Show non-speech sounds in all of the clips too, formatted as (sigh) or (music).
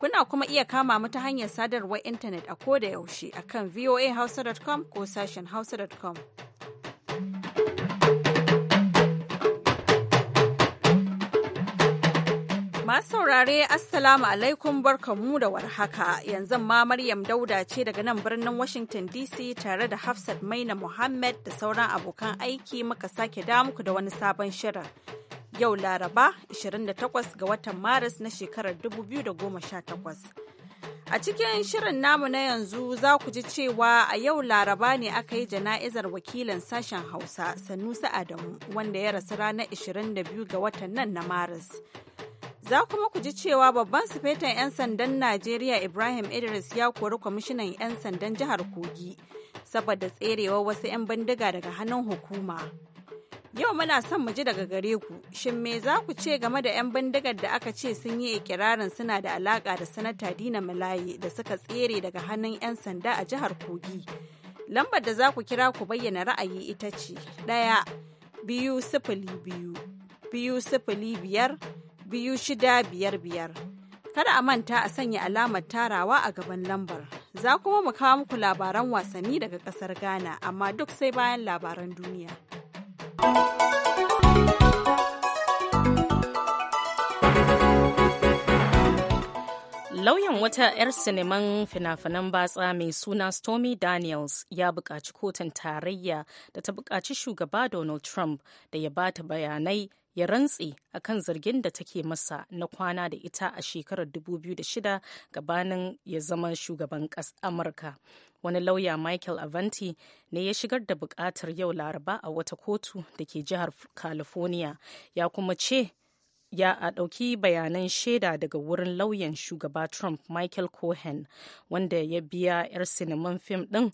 Kuna kuma iya kama mu ta hanyar sadarwar intanet a ko da yaushe a kan voahausa.com ko sashen hausa.com. Masu saurare Assalamu alaikum barkamu da warhaka yanzu ma Maryam Dauda ce daga nan birnin Washington DC tare da Hafsat Maina Muhammad da sauran abokan aiki muka sake damu da wani sabon shirin. yau Laraba 28 ga watan Maris na shekarar 2018. A cikin shirin namu na yanzu za ku ji cewa a yau laraba ne aka yi jana'izar wakilin sashen Hausa Sanusa Adamu wanda ya rasu ranar 22 ga watan nan na Maris. Za kuma ku ji cewa babban sufetan 'yan sandan Najeriya Ibrahim Idris ya kori kwamishinan 'yan sandan jihar Kogi saboda tserewa wasu 'yan bindiga daga hannun hukuma. Yau muna son mu ji daga gare ku, shin me za ku ce game da 'yan bindigar da aka ce sun yi ikirarin suna da alaka da sanata Dina Malaye da suka tsere daga hannun 'yan sanda a jihar Kogi? Lambar da za ku kira ku bayyana ra'ayi ita ce ɗaya biyu sifili biyu, biyu sifili biyar, biyu shida biyar biyar. Kada a manta a sanya alamar tarawa a gaban lambar. Za kuma mu kawo muku labaran wasanni daga ƙasar Ghana, amma duk sai bayan labaran duniya. Lauyan wata 'yar siniman finafinan batsa mai suna Stormy Daniels ya buƙaci kotun tarayya da ta buƙaci shugaba Donald Trump da ya ba ta bayanai ya rantse akan zargin da take masa na kwana da ita a shekarar 2006 gabanin ya zama shugaban Amurka. wani lauya michael avanti ne ya shigar da bukatar yau laraba a wata kotu da ke jihar california ya kuma ce ya a ɗauki bayanan shaida daga wurin lauyan shugaba trump michael cohen wanda ya biya 'yar siniman fim ɗin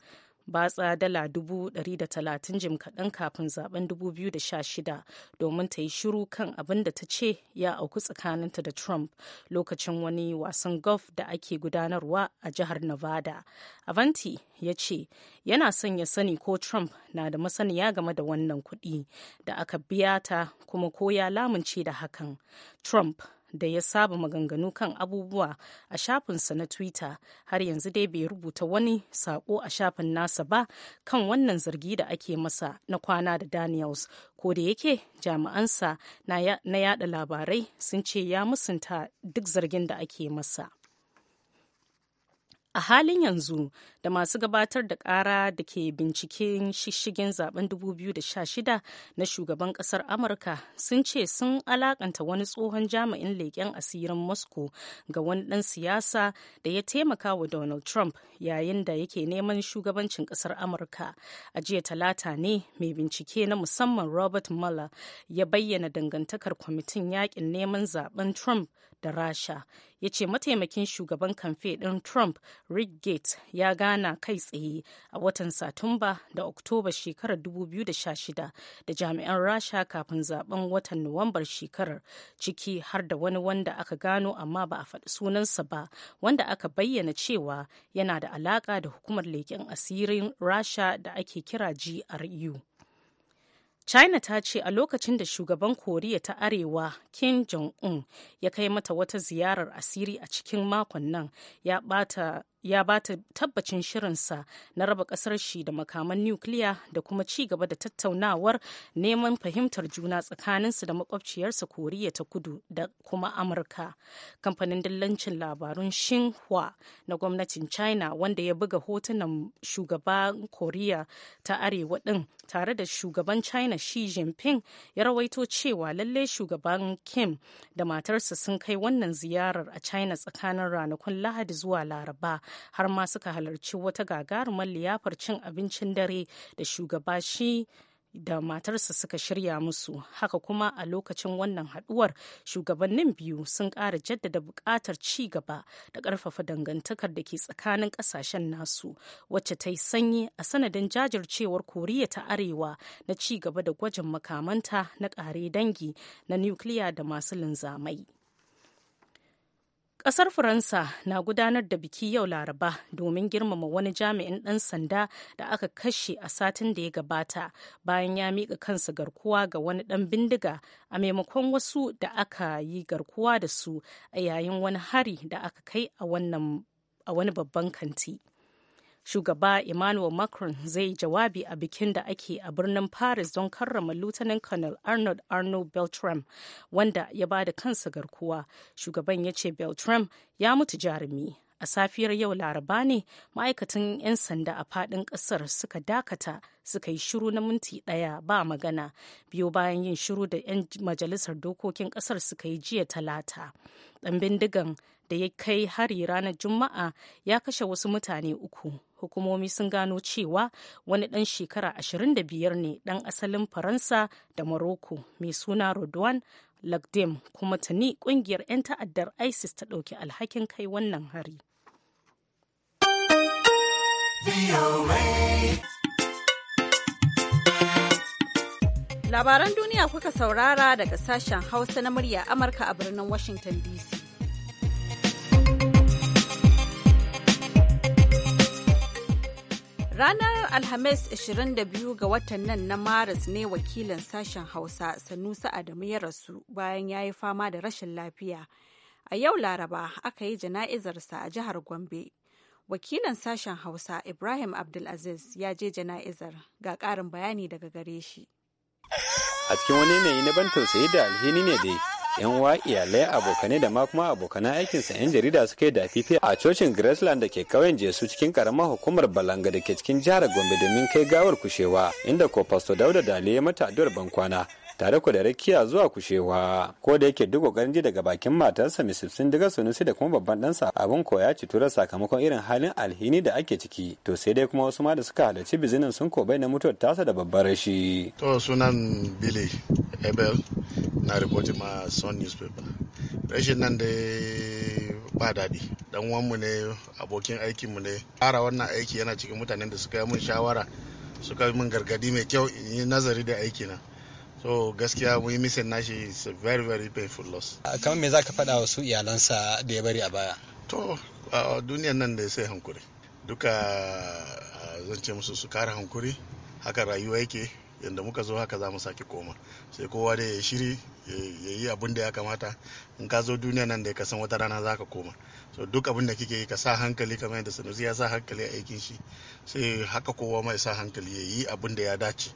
batsa dala dubu da jim kaɗan kafin zaben 2016 domin ta yi shiru kan abin da ta ce ya auku tsakaninta da trump lokacin wani wasan golf da ake gudanarwa a jihar nevada avanti ya ce yana son ya sani ko trump na da masaniya game da wannan kuɗi da aka biya ta kuma ko ya lamunce da hakan trump da ya saba maganganu kan abubuwa a shafinsa na twitter har yanzu dai bai rubuta wani sako a shafin nasa ba kan wannan zargi da ake masa na kwana da daniels ko da yake jami'ansa na yada labarai sun ce ya musunta duk zargin da ake masa a halin yanzu da masu gabatar da ƙara da ke binciken shishigin zaben 2016 na shugaban ƙasar amurka sun ce sun alakanta wani tsohon jami'in leƙen asirin moscow ga wani ɗan siyasa da ya taimaka wa donald trump yayin da yake neman shugabancin ƙasar amurka a jiya talata ne mai bincike na musamman robert mueller ya bayyana dangantakar kwamitin yakin neman zaben trump da rasha ya ce mataimakin shugaban kamfe ɗin trump rick gates ya gane ana kai tsaye a watan Satumba da Oktoba shekarar 2016 da jami'an Rasha kafin zaben watan Nuwambar shekarar ciki har da wani wanda aka gano amma ba a faɗi sunansa ba wanda aka bayyana cewa yana da alaƙa da hukumar leƙen asirin Rasha da ake kira GRU. China ta ce a lokacin da shugaban Koriya ta Arewa Kim Jong-un ya kai mata wata ziyarar asiri a cikin makon nan ya bata ya ba ta tabbacin shirinsa na raba kasar shi da makaman nukiliya da kuma ci gaba da tattaunawar neman fahimtar juna tsakaninsu da makwabciyarsa koriya ta kudu da kuma amurka kamfanin dillancin labarun xinhua na gwamnatin china wanda ya buga hotunan shugaban koriya ta arewa din tare da shugaban china xi jinping ya rawaito cewa lalle shugaban kim da matarsa sun kai wannan ziyarar a china tsakanin ranakun lahadi zuwa laraba har ma suka halarci wata gagarumar liyafar cin abincin dare da shugaba shi da matarsa suka shirya musu haka kuma a lokacin wannan haduwar shugabannin biyu sun ƙara jaddada buƙatar ci gaba da ƙarfafa dangantakar da ke tsakanin ƙasashen nasu wacce ta yi sanyi a sanadin jajircewar koriya ta arewa na ci gaba da gwajin makamanta na ƙare dangi na nukiliya da masu linzamai Ƙasar Faransa na gudanar da biki yau Laraba domin girmama wani jami'in ɗan sanda da aka kashe a satin da ya gabata bayan ya miƙa kansa garkuwa ga wani ɗan bindiga a maimakon wasu da aka yi garkuwa da su a yayin wani hari da aka kai a wani babban kanti. shugaba emmanuel macron zai jawabi a bikin da ake a birnin paris don karrama lieutenant colonel arnold arno beltram wanda ya ba da kansa garkuwa shugaban ya ce beltram ya mutu jarumi a safiyar yau laraba ne ma'aikatan 'yan sanda a fadin kasar suka dakata suka yi shiru na minti daya ba magana biyo bayan yin shiru da 'yan majalisar dokokin kasar suka yi jiya talata dan bindigan da ya kai hari ranar Juma'a ya kashe wasu mutane uku. Hukumomi sun gano cewa wani dan shekara 25 ne dan asalin Faransa da Morocco mai suna Rodwan Lagdem kuma tuni kungiyar 'yan ta'addar ISIS ta dauki alhakin kai wannan hari. Labaran duniya kuka saurara daga sashen Hausa na murya Amurka a birnin Washington DC. Ranar Alhamis 22 ga watan nan na Maris ne wakilin sashen Hausa Sanusi Adamu ya rasu bayan ya yi fama da rashin lafiya. A yau Laraba aka yi jana'izarsa a jihar Gombe. Wakilin sashen Hausa Ibrahim Abdulaziz ya je jana'izar ga ƙarin bayani daga gare shi. A cikin wani yanayi na ban tausayi da alhini ne dai. yan uwa iyalai abokanai da ma kuma abokanan aikinsa yan jarida suka yi da a cocin graceland da ke kauyen jesu cikin karamar hukumar balanga da ke cikin jihar gombe domin kai gawar kushewa inda ko pastor dauda dale ya mata addu'ar bankwana tare ku da rakiya zuwa kushewa ko da yake duk kokarin ji daga bakin matarsa Mrs. Sindiga Sunusi da kuma babban ɗansa abin koya ci tura sakamakon irin halin alhini da ake ciki to sai dai kuma wasu ma da suka halarci bizinin sun kobai na mutuwar tasa da babbar rashi. To sunan Billy Abel na rikoci ma Sun newspaper. Rashin nan da ba daɗi dan uwanmu ne abokin aikin mu ne fara wannan aiki yana cikin mutanen da suka yi mun shawara suka yi mun gargadi mai kyau in yi nazari da aiki na. so gaskiya mu yi misin nashi is a very very painful loss ah, kamar me za faɗa wa su iyalansa da ya bari a baya to a duniyar nan da ya sai hankuri duka zan ce musu su kara hankuri haka rayuwa yake yadda muka zo haka za mu sake koma sai kowa da ya shiri ya yi abin da ya kamata in ka zo duniya nan da ka san wata rana za ka koma so duk abin da kike yi ka sa hankali kamar yadda sanusi ya sa hankali a aikin shi sai haka kowa mai sa hankali ya yi abin da ya dace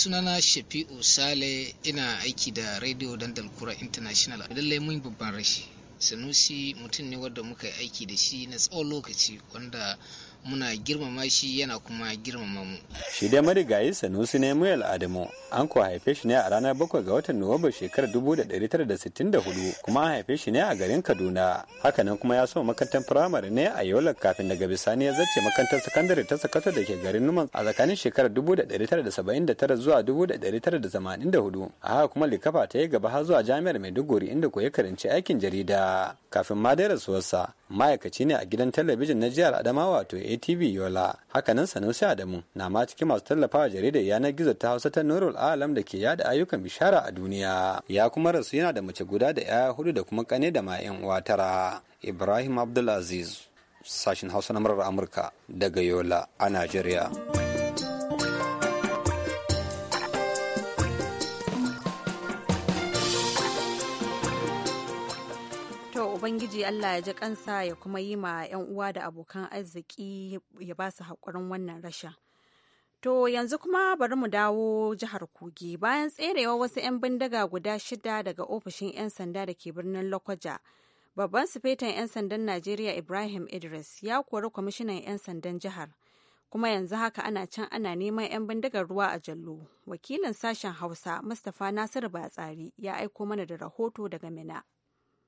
sunana shafi'u sale ina aiki da radio dandal kura international lallai mun babban rashi sanusi mutum ne wadda muka yi aiki da shi na tsawon lokaci wanda muna girmama shi yana kuma girmama mu. Shi dai marigayi Sanusi ne Muyal Adamu an ko haife shi ne a ranar bakwai ga watan Nuwamba shekarar hudu kuma an haife shi ne a garin Kaduna. Hakanan kuma ya so makarantar firamare ne a Yola kafin daga bisani ya zace makarantar sakandare ta Sokoto da ke garin Numan a tsakanin shekarar tara zuwa dubu da da da tara hudu, A haka kuma likafa ta yi gaba har zuwa jami'ar Maiduguri inda ko ya karanci aikin jarida. Kafin ma dai rasuwarsa ma'aikaci ne a gidan talabijin na jihar Adamawa to atv yola hakanan sanusi adamu na ma cikin masu tallafawa jaridar yanar gizo ta hausa ta nurul alam da ke yada ayyukan bishara a duniya ya kuma rasu yana da mace guda da 'ya'ya hudu da kuma kane da ma yan uwa ibrahim abdulaziz sashin hausa na murar amurka daga yola a najeriya Ubangiji Allah ya ji kansa ya kuma yi ma 'yan uwa da abokan arziki ya ba su haƙurin wannan rasha To yanzu kuma bari mu dawo jihar Kogi bayan tserewa wasu 'yan bindiga guda shida daga ofishin 'yan sanda da ke birnin Lokoja. Babban sufetan 'yan sandan Najeriya Ibrahim Idris ya kori kwamishinan 'yan sandan jihar. Kuma yanzu haka ana can ana neman 'yan bindigar ruwa a Jallo. Wakilin sashen Hausa Mustapha Nasiru Batsari ya aiko mana da rahoto daga Mina.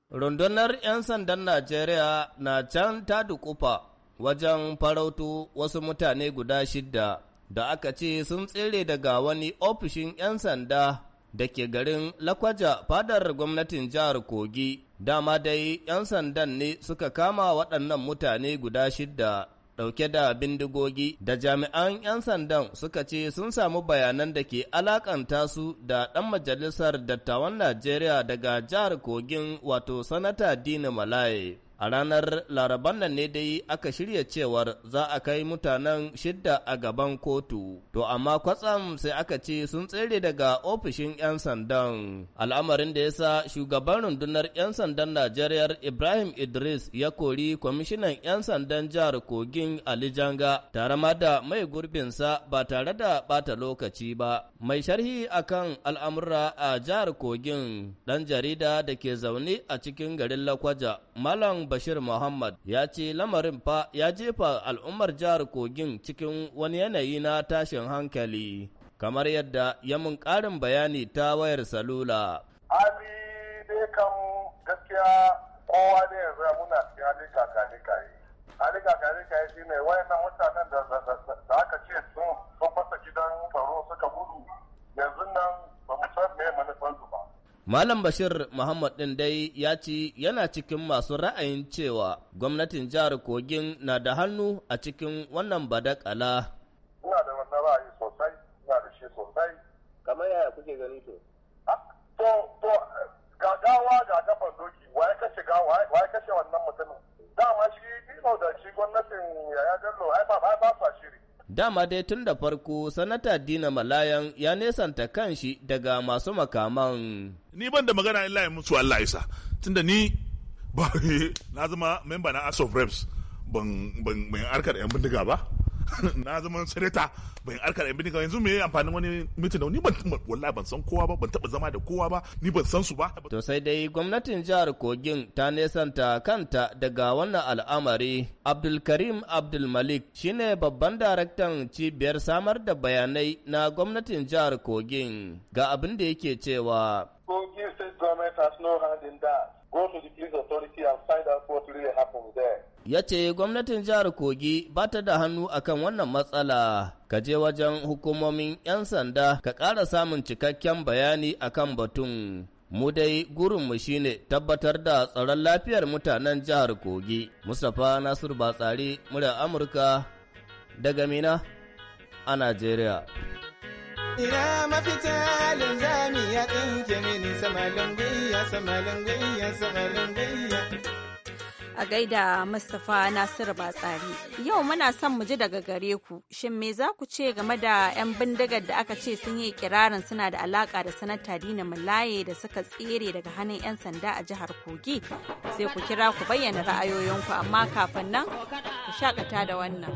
Rundunar 'yan sandan Najeriya na can ta dukufa wajen farautu wasu mutane guda shidda da aka ce sun tsere daga wani ofishin 'yan sanda da ke garin Lakwaja fadar gwamnatin jihar Kogi. Dama dai 'yan sandan ne suka kama waɗannan mutane guda shidda. ɗauke da bindigogi da jami'an 'yan sandan suka ce sun samu bayanan da ke alakanta su da ɗan majalisar dattawan Najeriya daga jihar Kogin wato Sanata Dina Malaye. A ranar laraban nan ne dai aka shirya cewar za a kai mutanen shidda a gaban kotu, to amma kwatsam sai aka ce sun tsere daga ofishin 'yan sandan. Al'amarin da ya sa shugaban rundunar 'yan sandan Najeriya Ibrahim Idris ya kori kwamishinan 'yan sandan jihar Kogin Ali Janga tare ma da mai gurbinsa ba tare da bata lokaci ba. Mai sharhi akan al'amura a jihar Kogin dan jarida da ke zaune a cikin garin Lakwaja, Malam Bashir Muhammad ya ce lamarin fa ya jefa al'ummar jihar Kogin cikin wani yanayi na tashin hankali, kamar yadda ya mun ƙarin bayani ta wayar salula. Hali dai kan gaskiya kowa ne yanzu muna cikin hali kakani kayi. Hali kakani kayi shi ne wayannan mutanen da aka ce sun fasa gidan tsaro suka gudu yanzu nan ba mu san me manufansu ba. Malam Bashir Muhammad ɗin dai ya ci yana cikin masu ra'ayin cewa gwamnatin jihar Kogin na da hannu a cikin wannan badakala. Ina da wannan ra'ayi sosai, ina da shi sosai. Kamar yaya kuke gani to? Ah, to, to, gawa ga gafar doki, waye kashe gawa, waye kashe wannan mutumin. Dama shi, ino da shi gwamnatin yaya Bello, ai ba ba ba shiri. Dama dai tun da farko sanata Dina Malayan ya nesanta shi daga masu makaman. Ni ban da magana illa ya mutu Allah isa da ni ba (laughs) na zama memba na House of Reps ban ban harkar 'yan bindiga ba. (laughs) na zama sanata ban arka da yanzu, yanzu me amfanin wani mitin ni ban wallahi ban san kowa ba ban taba zama da kowa ba ni ban san su ba to sai dai gwamnatin jihar Kogin ta nesanta kanta daga wannan al'amari Abdulkarim Abdulmalik shine babban daraktan cibiyar samar da bayanai na gwamnatin jihar Kogin ga abin da yake cewa Kogin state government has no hand go to Ya ce gwamnatin jihar Kogi ba ta da hannu akan wannan matsala, ka je wajen hukumomin 'yan sanda ka ƙara samun cikakken bayani akan batun. Mu dai gurinmu shine tabbatar da tsaron lafiyar mutanen jihar Kogi. Mustapha Nasiru Batsari, murya Amurka, daga Mina a Najeriya. ina mafita linzami ya tsinke mini sama sama sama a gaida Mustapha Nasiru Batsari. Yau muna son mu ji daga gare ku, shin me za ku ce game da 'yan bindigar da aka ce sun yi kirarin suna da alaƙa da sanata Dina Mulaye da suka tsere daga hannun 'yan sanda a jihar Kogi? Sai ku kira ku bayyana ra'ayoyinku amma kafin nan ku shakata da wannan.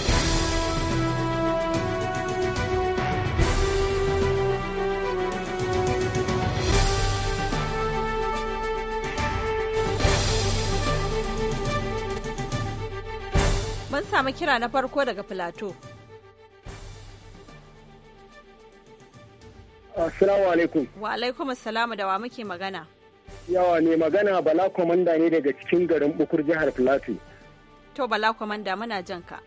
mun samu kira na farko daga Filato. Assalamu alaikum. Wa alaikum assalamu da wa muke magana. Yawa ne magana Bala Kwamanda ne daga cikin garin Bukur jihar Filato. To Bala Kwamanda muna jan ka.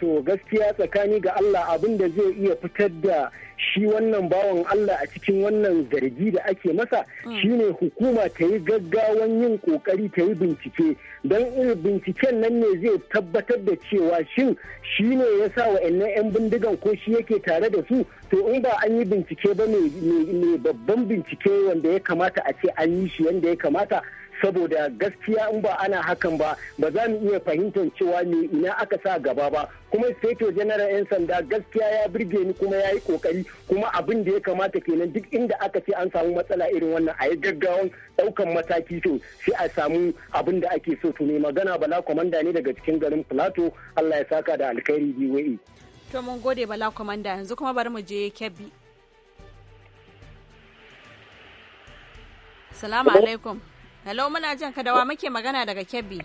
to gaskiya tsakani ga Allah abin da zai iya fitar da shi wannan bawan Allah a cikin wannan zargi da ake masa mm. shine hukuma ta yi gaggawan yin kokari ta yi bincike don irin binciken nan ne zai tabbatar da cewa shin shi ne ya sa wa 'yan bindigan ko shi yake tare da su to in ba an yi bincike ba ne babban bincike wanda ya kamata a ce an yi shi yanda ya kamata saboda gaskiya in ba ana hakan ba ba za mu iya fahimtar cewa me ina aka sa gaba ba kuma inspector general 'yan sanda gaskiya ya birge ni kuma ya yi kokari kuma abin da ya kamata kenan duk inda aka ce an samu matsala irin wannan a yi gaggawan daukan mataki to sai a samu abin da ake so to ne magana bala kwamanda ne daga cikin garin plato allah ya saka da alkhairi wa'i. to mun gode bala kwamanda yanzu kuma bari mu je kebbi salamu alaikum Hello muna jin ka dawa muke magana daga Kebbi.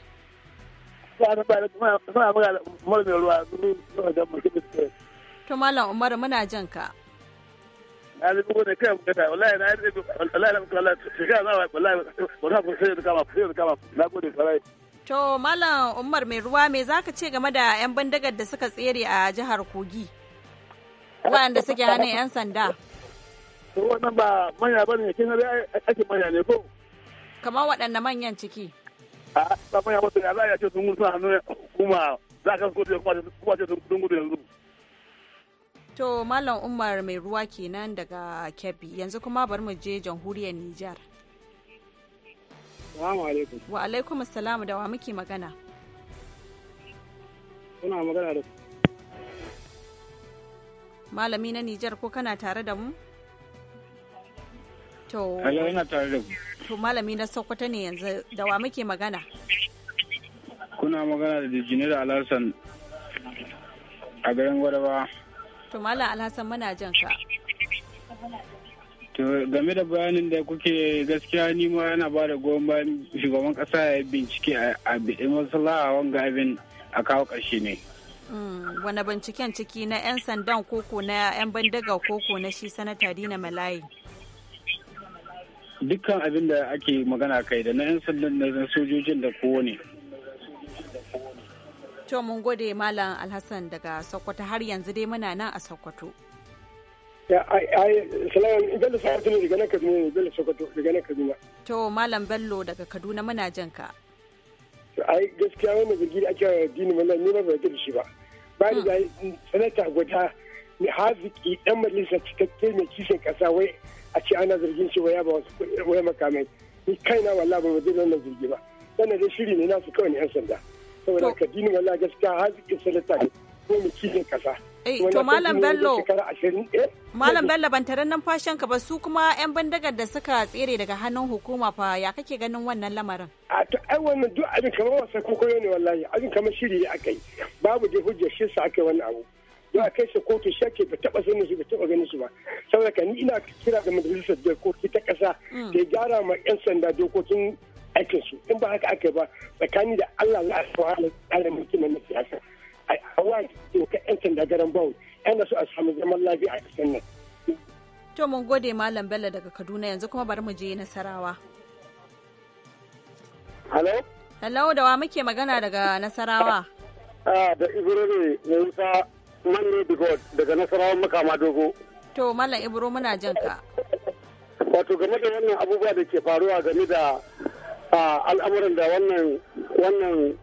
To Malam Umar muna jin ka. To Malam Umar mai ruwa me zaka ce game da 'yan bandagar da suka tsere a jihar Kogi? Waɗanda suke hannun 'yan sanda. Wannan ba manya bane kin ga ake manya ne ko? kamar waɗanne manyan ciki a tsafin ya wasu ya za a ce sun gudu hannun hukuma za ka su kuma ce sun gudu yanzu to malam umar mai ruwa kenan daga kebbi yanzu kuma bari mu je jamhuriyar nijar wa alaikum assalamu da wa muke magana kuna magana da malami na nijar ko kana tare da mu To. To malami na Sokoto ne yanzu da wa muke magana? Kuna magana da Jinira Alhassan a garin Gwadaba. To malam Alhassan muna jan ka. To game da bayanin da kuke gaskiya ni ma yana ba da goyon bayan shugaban kasa ya bincike a biɗi wasu a wanga abin a kawo ƙarshe ne. Mm, wane binciken ciki na 'yan sandan koko na 'yan bandaga koko na shi sanata Dina Malayi? dukkan abin da ake magana kai da na 'yan sandan da na sojojin da kowane. To mun gode Malam Alhassan daga Sokoto har yanzu dai muna nan a Sokoto. Sokoto ne daga Sokoto daga Kaduna. To Malam Bello daga Kaduna muna jan ka. Ai gaskiya wannan zargi da ake dini mallan ne ba ba da shi ba. Ba da hmm. sanata guda haziki dan majalisa cikakke mai kishin kasa wai a ce ana zargin shi waya ba waya makamai ni kaina wallahi ba zai wannan zargi ba wannan dai shiri ne nasu kawai ne yan sanda saboda ka dini wallahi gaskiya haziƙin sanata ne ko mu kijin kasa eh, to malam bello eh? malam bello ban taron numfashin ka ba su kuma yan bandagar da suka tsere daga hannun hukuma fa ya kake ganin wannan lamarin a to ai wannan duk abin kamar wasa koyo ne wallahi abin kamar shiri ne akai babu dai hujjar shi sa akai wannan abu za a kai shi kotu shake ba taba sanin su ba taba ganin su ba saboda ka ni ina kira ga majalisar dokoki ta kasa da mm. gyara ma yan sanda dokokin aikin su in ba haka aka ba tsakani da Allah za a fara tsarin mulkin na siyasa a wani doka yan sanda garan bawu yana so a samu zaman lafiya a cikin nan. To mun gode Malam Bello daga Kaduna yanzu kuma bari mu je Nasarawa. Hello? Hello da wa muke magana daga Nasarawa? Ah da Ibrahim Musa Manne daga Nasarawa makama dogo. To mala Ibro muna jan ka. Wato game da wannan abubuwa da ke faruwa game da al'amuran da wannan wannan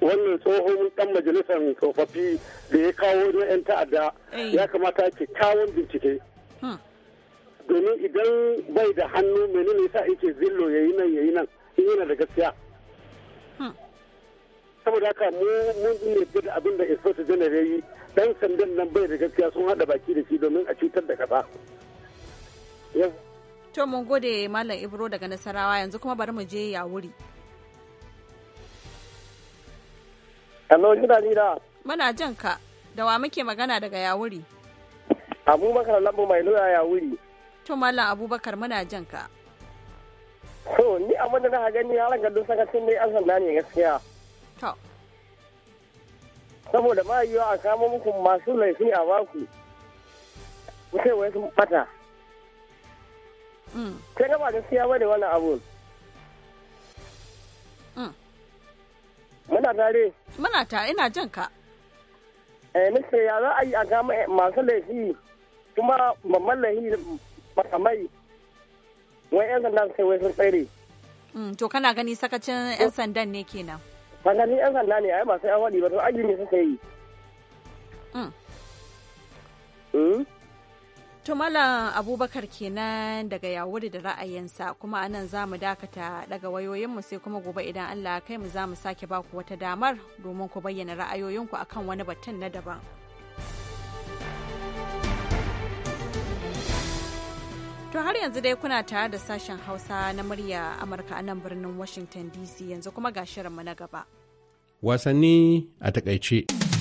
wannan tsohon dan majalisar tsofaffi da ya kawo na 'yan ta'adda eh. ya kamata ke kawon bincike. Hmm. Domin idan bai da hannu mai menene yasa yake zillo yayi nan yayi nan in yana da gaskiya. Hmm. Saboda haka mu mun ne da abin da Inspector General ya yi dan sandan nan bai da gaskiya sun hada baki da shi domin a cutar da kasa to mun gode malam ibro daga nasarawa yanzu kuma bari mu je ya wuri hello kina ni muna jan ka da wa muke magana daga yawuri abubakar lambu mai ya yawuri to malam abubakar muna jan ka so ni abin da na gani yaran gadon cin ne an sanda ne gaskiya to saboda ma yi a kama muku masu laifi a baku sai wai sun bata sai mm. gaba da siya bane wani wannan abun mm. muna tare muna ta ina jan ka eh mister ya za a yi a kama eh, masu laifi kuma babban laifi makamai wai yan sandan sai wai sun tsere mm, to kana gani sakacin yan sandan ne kenan kaga ni yan sanda ne ai ba sai an faɗi ba to aji ne suka yi mm. hmm? Malam Abubakar kenan daga Yawuri da ra'ayinsa kuma anan za mu dakata daga wayoyinmu sai kuma gobe idan Allah kai mu za mu sake baku wata damar domin ku bayyana ra'ayoyinku akan wani batun na daban. To har yanzu dai kuna tare da sashen Hausa na murya Amurka a nan birnin Washington DC yanzu kuma ga shirinmu na gaba. Wasanni a takaice.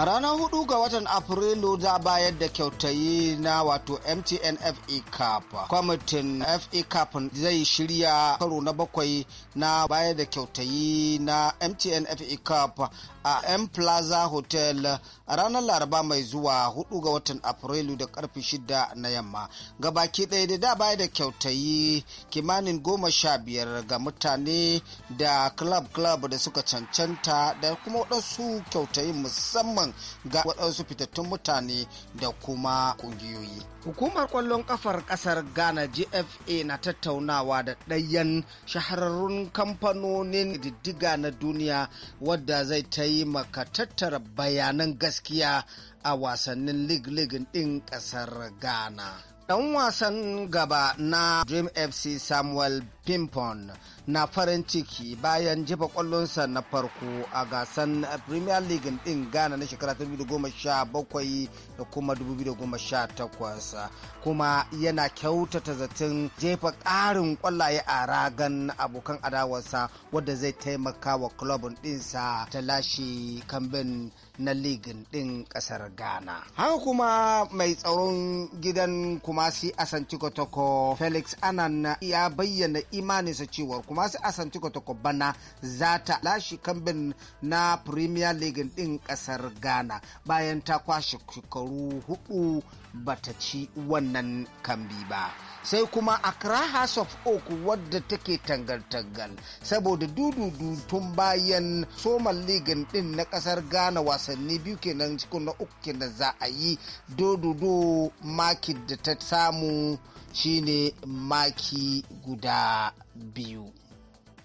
A ranar hudu ga watan Afrilu za bayar da kyautayi na wato MTN fe Cup. Kwamitin fe Cup zai shirya karo na bakwai na bayar da kyautayi na MTN fe Cup a M Plaza Hotel a ranar Laraba mai zuwa hudu ga watan Afrilu da karfe shida na yamma. Gabaki ɗaya da da bayar da kyautayi kimanin goma sha biyar ga mutane da club club da suka cancanta da kuma waɗansu kyautayin musamman ga waɗansu fitattun mutane da kuma ƙungiyoyi. Hukumar kwallon ƙafar ƙasar Ghana GFA na tattaunawa da ɗayan shahararrun kamfanonin diddiga na duniya wadda zai taimaka tattara bayanan gaskiya a wasannin lig-lig ɗin ƙasar Ghana. Ɗan wasan gaba na Dream FC Samuel Pimpon na farin ciki bayan jefa kwallonsa na farko a gasan premier league din ghana na shekara 2017 da kuma 2018 kuma yana kyautata zaton jefa ƙarin kwallaye a ragan abokan adawarsa wadda zai taimaka wa club dinsa ta lashe kambin na ligin din ƙasar ghana haka kuma mai tsaron gidan kumasi asanti kotoko felix anan ya bayyana imaninsa cewar kuma masu asanci kwatakwa bana za ta lashe kambin na premier league din kasar ghana bayan ta kwashe shekaru hudu bata ci wannan kambi ba sai kuma accra house of oak wadda take tangal-tangal saboda dududu tun bayan soman ligin din na kasar ghana wasanni biyu kenan cikin na uku kenan za a yi dududu maki da ta samu shine maki guda biyu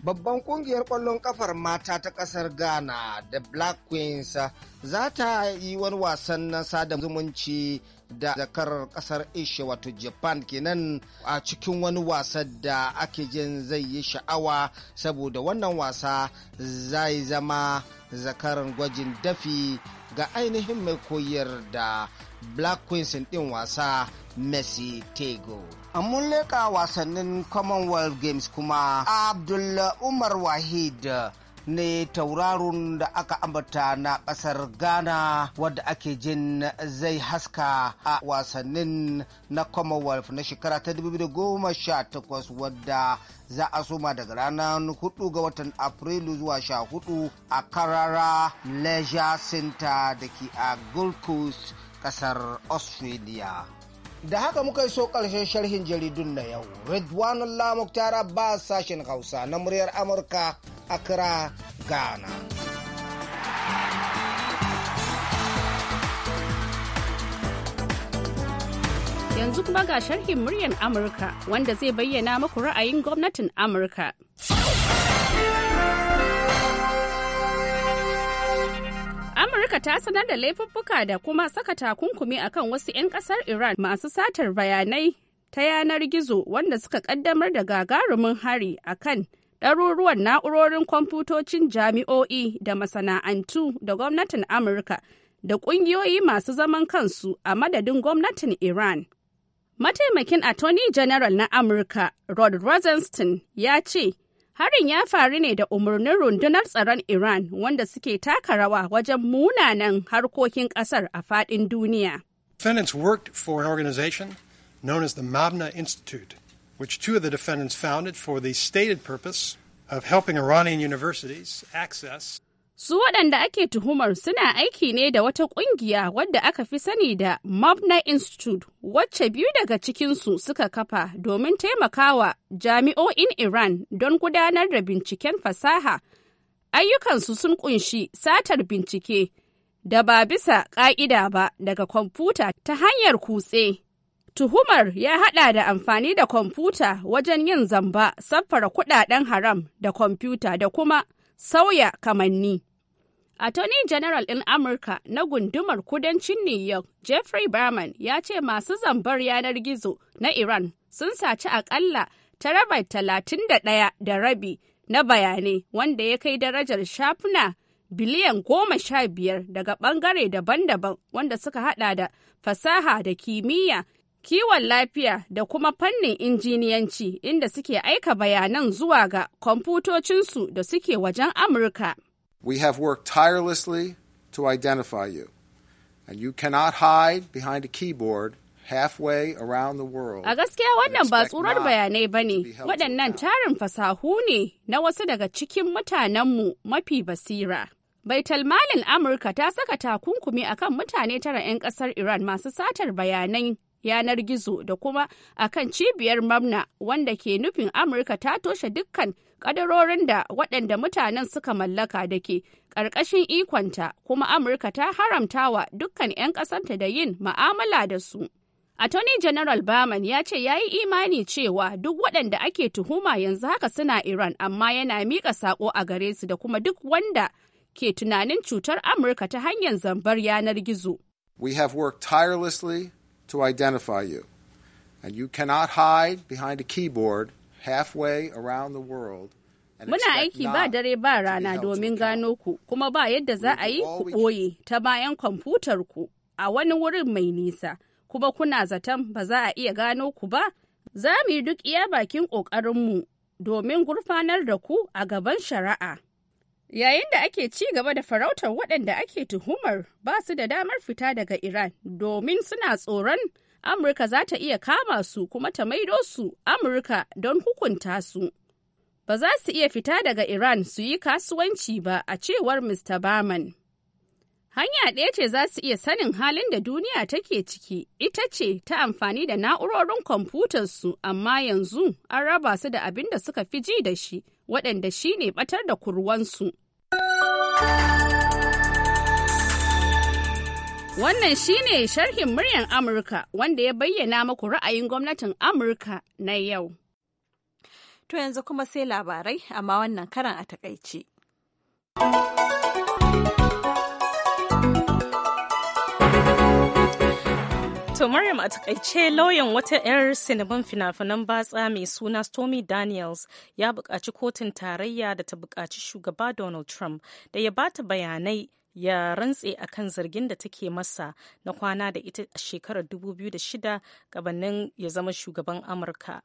babban kungiyar kwallon kafar mata ta kasar ghana da black queens za ta yi wani wasan na sada zumunci da zakar kasar asia wato japan kenan a cikin wani wasan da ake jin zai yi sha'awa saboda wannan wasa zai zama zakaran gwajin dafi ga ainihin mai koyar da black queens din wasa messi tego mun leka wasannin commonwealth games kuma abdul umar wahid ne tauraron da aka ambata na kasar ghana wadda ake jin zai haska a wasannin na commonwealth na shekara ta 2018 wadda za a soma daga ranar 4 ga watan afrilu zuwa 14 a karara leisure center da ke a gold coast kasar australia Da haka muka yi so ƙarshen sharhin jaridun na yau. lamuk tara ba sashen Hausa na muryar Amurka Accra, Ghana. Yanzu kuma ga sharhin muryar Amurka wanda zai bayyana muku ra'ayin gwamnatin Amurka. Amurka ta sanar da laifuffuka da kuma saka takunkumi akan wasu 'yan kasar Iran masu satar bayanai ta yanar gizo wanda suka kaddamar da gagarumin hari akan ɗaruruwan na'urorin kwamfutocin jami'o'i da masana'antu da gwamnatin Amurka da ƙungiyoyi masu zaman kansu a madadin gwamnatin Iran. Mataimakin Attorney General na Amurka, Rod Rosenstein, ya ce, Harin ya faru ne da umarnin rundunar tsaron Iran wanda suke taka rawa wajen munanan harkokin ƙasar a faɗin duniya. Defendants worked for an organization known as the Mabna Institute, which two of the defendants founded for the stated purpose of helping Iranian universities access. Su waɗanda ake tuhumar suna aiki ne da wata ƙungiya wadda aka fi sani da Mabna Institute, wacce biyu daga cikinsu suka kafa domin taimakawa jami'o'in Iran don gudanar da binciken fasaha. Ayyukansu sun ƙunshi satar bincike da ba bisa ƙa'ida ba daga kwamfuta ta hanyar kutse. Tuhumar ya haɗa da amfani da kwamfuta wajen yin zamba, saffara kuɗaɗen haram da kwamfuta da kuma sauya kamanni. Attorney General ɗin Amurka na gundumar kudancin New York, Jeffrey Berman ya ce masu zambar yanar gizo na Iran sun saci akalla da ɗaya da rabi na bayanai wanda ya kai darajar shafuna biliyan goma sha biyar daga ɓangare daban-daban wanda suka hada da fasaha da kimiyya, kiwon lafiya da kuma fannin injiniyanci inda suke aika bayanan zuwa ga kwamfutocinsu da suke wajen Amurka. We have worked tirelessly to identify you, and you cannot hide behind a keyboard halfway around the world. A gaskiya wannan ba tsurar bayanai ba ne, waɗannan tarin fasahu ne na wasu daga cikin mutanenmu mafi basira. mali'n Amurka ta saka takunkumi akan mutane tara 'yan ƙasar Iran masu satar bayanan yanar gizo da kuma akan cibiyar mamna wanda ke nufin Amurka ta toshe dukkan kadarorin da waɗanda mutanen suka mallaka da ke ƙarƙashin ikonta kuma amurka ta haramtawa dukkan 'yan ƙasarta da yin ma'amala da su attorney general Baman ya ce ya yi imani cewa duk waɗanda ake tuhuma yanzu haka suna iran amma yana miƙa saƙo a gare su da kuma duk wanda ke tunanin cutar amurka ta hanyar zambar yanar gizo we have worked tirelessly to identify you and you cannot hide behind a keyboard halfway around the world Muna aiki ba dare ba rana domin gano ku, kuma ba yadda za a yi ku ɓoye ta bayan kwamfutar ku a wani wurin mai nisa, kuma kuna zaton ba za a iya gano ku ba? Za mu yi duk iya bakin ƙoƙarinmu domin gurfanar da ku a gaban shari'a. Yayin da ake ci gaba da farautar waɗanda ake tuhumar ba su da damar fita daga Iran domin suna tsoron Amurka za ta iya kama su kuma ta maido su Amurka don hukunta su. Ba za su iya fita daga Iran su yi kasuwanci ba a cewar Mr. Baman. Hanya ɗaya ce za su iya sanin halin da duniya take ciki, ita ce ta amfani da na'urorin kwamfutarsu, amma yanzu an raba su da abin da suka fi ji da shi, waɗanda shi ne ɓatar da kurwansu. Wannan shi ne sharhin muryan Amurka wanda ya bayyana maku ra'ayin gwamnatin Amurka na yau. To yanzu kuma sai labarai amma wannan karan a takaice. To Maryam a takaice lauyan wata 'yar sinibin fina-finan batsa mai suna Stormy Daniels ya buƙaci kotun tarayya da ta buƙaci shugaba Donald Trump da ya bata bayanai ya rantse a kan zargin da take masa na kwana da ita a shekarar 2006 gabanin ya zama shugaban amurka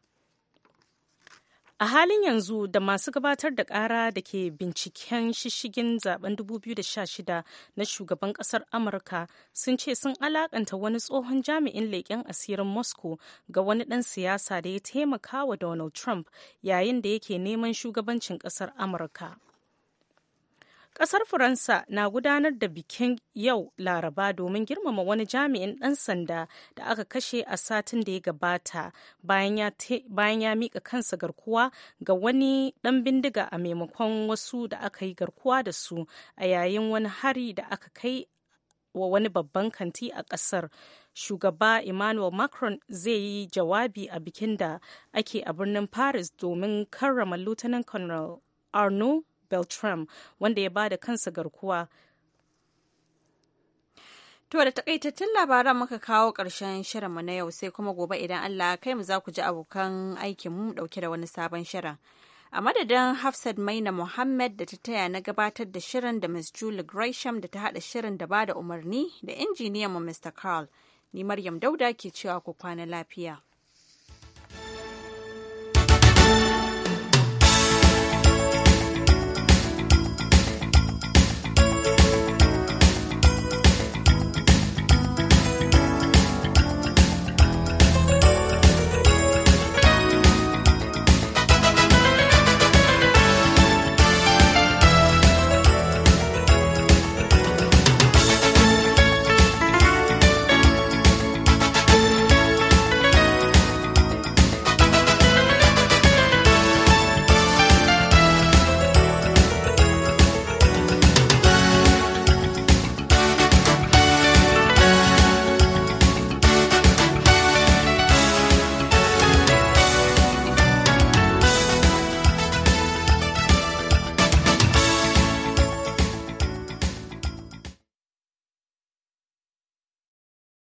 a halin yanzu da masu gabatar da kara da ke binciken shishigin zaben 2016 na shugaban kasar amurka sun ce sun alakanta wani tsohon jami'in leƙen asirin moscow ga wani ɗan siyasa da ya taimaka wa donald trump yayin da yake neman shugabancin kasar amurka kasar Faransa na gudanar da bikin yau Laraba domin girmama wani jami'in dan sanda da aka kashe a satin da ya gabata bayan ya mika kansa garkuwa ga wani dan bindiga a maimakon wasu da aka yi garkuwa da su a yayin wani hari da aka kai wa wani babban kanti a kasar shugaba emmanuel macron zai yi jawabi a bikin da ake a birnin paris domin karrama lieutenant colonel arnaud beltram wanda ya bada kansa garkuwa To da takaitattun labaran muka kawo ƙarshen shirinmu na yau sai kuma gobe idan Allah kai mu za ku ji abokan aikin mu ɗauke da wani sabon shirin. A madadin Hafsat Maina Muhammad da ta taya na gabatar da shirin da Ms. Julie Gresham da ta haɗa shirin da ba da umarni da injiniyan mu Mr. Carl. Ni Maryam Dauda ke cewa ku kwana lafiya.